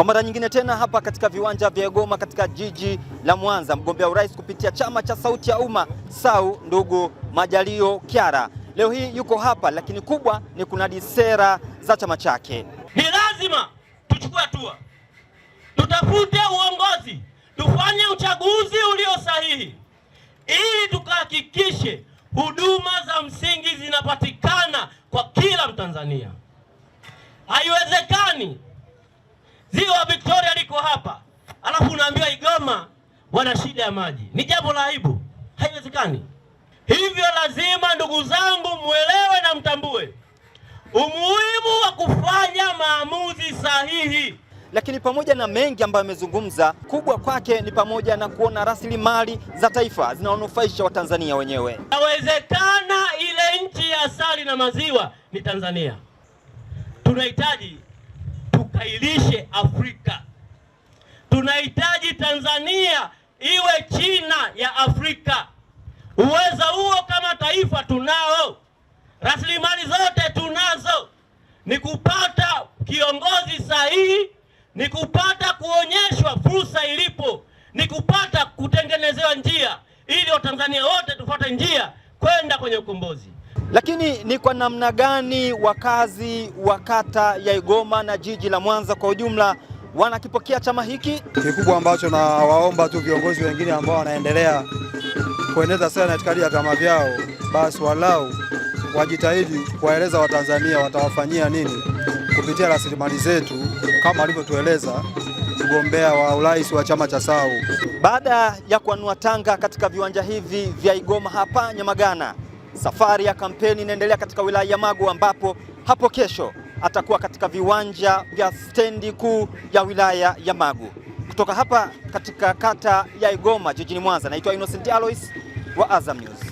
Kwa mara nyingine tena hapa katika viwanja vya Egoma katika jiji la Mwanza, mgombea urais kupitia chama cha Sauti ya Umma SAU ndugu Majalio Kyara leo hii yuko hapa, lakini kubwa ni kunadi sera za chama chake. Ni lazima tuchukue hatua, tutafute uongozi, tufanye uchaguzi ulio sahihi ili tukahakikishe huduma za msingi zinapatikana kwa kila Mtanzania. Haiwezekani Ziwa Victoria liko hapa, alafu unaambiwa Igoma wana shida ya maji. Ni jambo la aibu, haiwezekani. Hivyo lazima ndugu zangu mwelewe na mtambue umuhimu wa kufanya maamuzi sahihi. Lakini pamoja na mengi ambayo amezungumza, kubwa kwake ni pamoja na kuona rasilimali za taifa zinaonufaisha Watanzania wenyewe. Inawezekana ile nchi ya asali na maziwa ni Tanzania. Tunahitaji ikastailishe Afrika. Tunahitaji Tanzania iwe China ya Afrika. Uwezo huo kama taifa tunao, rasilimali zote tunazo. Ni kupata kiongozi sahihi, ni kupata kuonyeshwa fursa ilipo, ni kupata kutengenezewa njia ili Watanzania wote tufuate njia kwenda kwenye ukombozi. Lakini ni kwa namna gani wakazi wa kata ya Igoma na jiji la Mwanza kwa ujumla wanakipokea chama hiki kikubwa ambacho na waomba tu viongozi wengine ambao wanaendelea kueneza sana itikadi ya vyama vyao, basi walau wajitahidi kuwaeleza Watanzania watawafanyia nini kupitia rasilimali zetu kama walivyotueleza mgombea wa urais wa chama cha SAU. Baada ya kuanua tanga katika viwanja hivi vya Igoma hapa Nyamagana, safari ya kampeni inaendelea katika wilaya ya Magu, ambapo hapo kesho atakuwa katika viwanja vya stendi kuu ya wilaya ya Magu. Kutoka hapa katika kata ya Igoma jijini Mwanza, naitwa Innocent Alois wa Azam News.